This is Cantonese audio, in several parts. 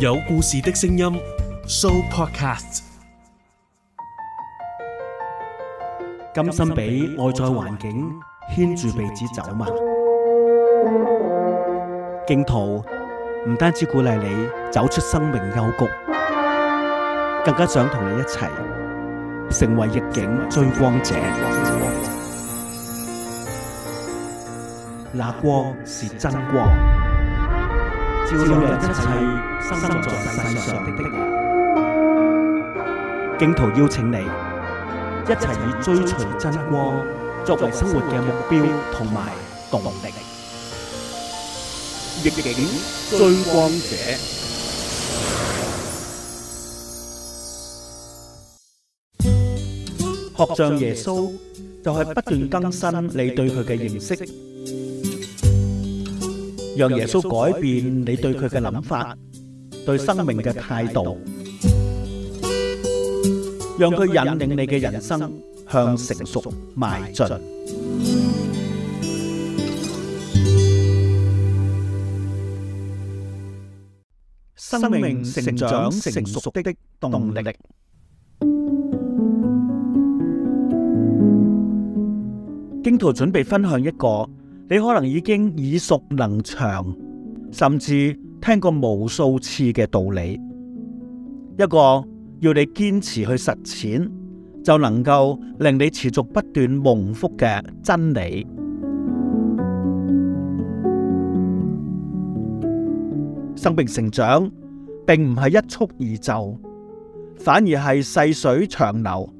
有故事的聲音，Sooo Podcast。甘心俾外在環境牽住鼻子走嘛？荊徒唔單止鼓勵你走出生命幽谷，更加想同你一齊成為逆境追光者。那光是真光。照亮一切生在世上的的人，荊徒邀請你一齊以追隨真光作為生活嘅目標同埋動力，逆境追光者。學像耶穌，就係不斷更新你對佢嘅認識。讓耶穌改變你對佢嘅諗法，對生命嘅態度，讓佢引領你嘅人生向成熟邁進。生命成長成熟的動力。荊徒準備分享一個。你可能已經耳熟能詳，甚至聽過無數次嘅道理，一個要你堅持去實踐，就能夠令你持續不斷蒙福嘅真理。生命成長並唔係一蹴而就，反而係細水長流，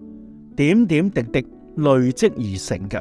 點點滴滴滴累積而成嘅。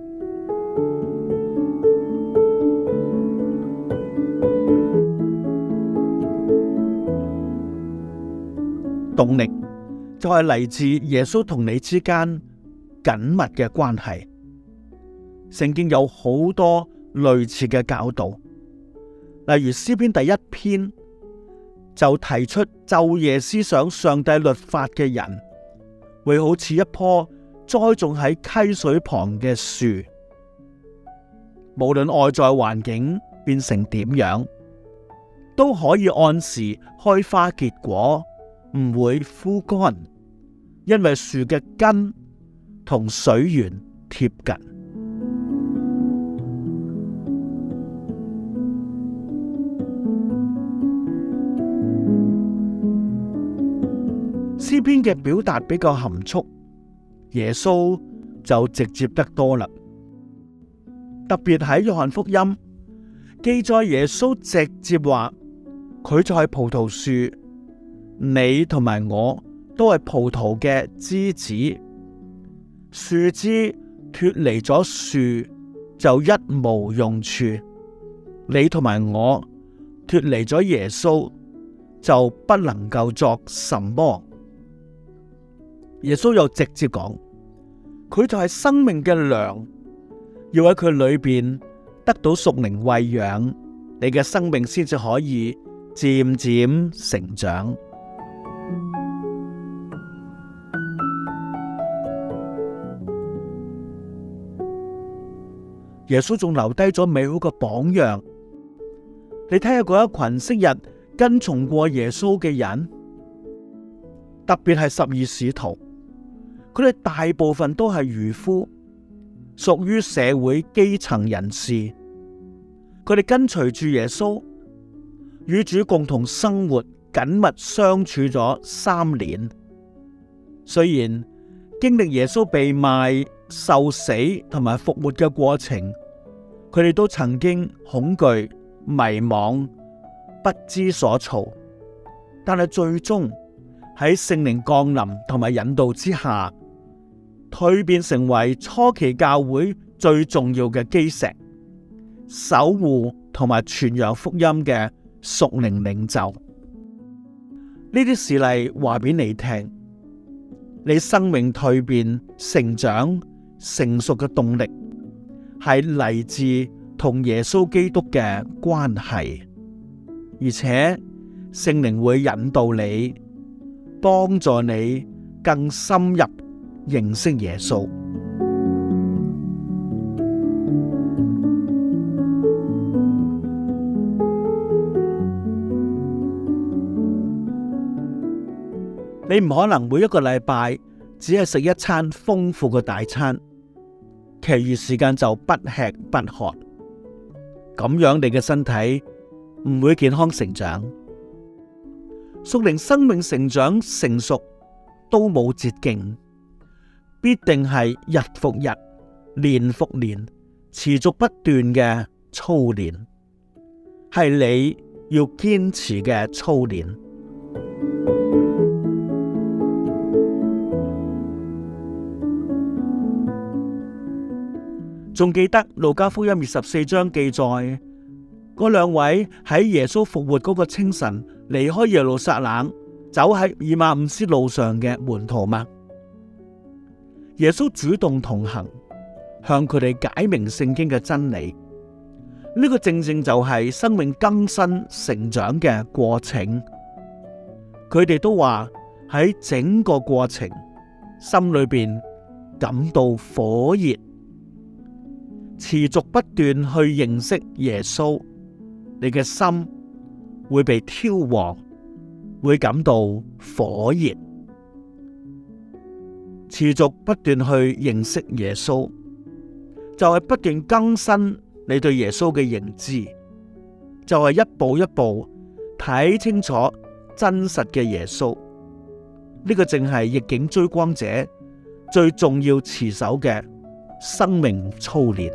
動力就係嚟自耶穌同你之間緊密嘅關係。聖經有好多類似嘅教導，例如詩篇第一篇就提出晝夜思想上帝律法嘅人，會好似一棵栽種喺溪水旁嘅樹，無論外在環境變成點樣，都可以按時開花結果。唔會枯乾，因為樹嘅根同水源貼近。詩篇嘅表達比較含蓄，耶穌就直接得多啦。特別喺約翰福音記載，耶穌直接話佢就係葡萄樹。你同埋我都係葡萄嘅枝子，樹枝脫離咗樹就一無用處。你同埋我脫離咗耶穌就不能夠作什麼。耶穌又直接講，佢就係生命嘅糧，要喺佢裏邊得到屬靈餵養，你嘅生命先至可以漸漸成長。耶穌仲留低咗美好嘅榜樣，你睇下嗰一群昔日跟從過耶穌嘅人，特別係十二使徒，佢哋大部分都係漁夫，屬於社會基層人士，佢哋跟隨住耶穌，與主共同生活，緊密相處咗三年。雖然經歷耶穌被賣、受死同埋復活嘅過程。佢哋都曾經恐懼、迷惘、不知所措，但係最終喺聖靈降臨同埋引導之下，蛻變成為初期教會最重要嘅基石，守護同埋傳揚福音嘅屬靈領袖。呢啲事例話俾你聽，你生命蛻變、成長、成熟嘅動力，係嚟自同耶穌基督嘅關係，而且聖靈會引導你，幫助你更深入認識耶穌。你唔可能每一個禮拜只係食一餐豐富嘅大餐。其餘時間就不吃不喝，咁樣你嘅身體唔會健康成長，屬靈生命成長成熟都冇捷徑，必定係日復日，年復年，持續不斷嘅操練，係你要堅持嘅操練。仲記得路加福音二十四章記載嗰兩位喺耶穌復活嗰個清晨離開耶路撒冷，走喺以馬忤斯路上嘅門徒嗎？耶穌主動同行，向佢哋解明聖經嘅真理。呢個正正就係生命更新成長嘅過程。佢哋都話喺整個過程心裏面感到火熱。持續不斷去認識耶穌，你嘅心會被挑旺，會感到火熱。持續不斷去認識耶穌，就係不斷更新你對耶穌嘅認知，就係一步一步睇清楚真實嘅耶穌。呢個正係逆境追光者最重要持守嘅生命操練。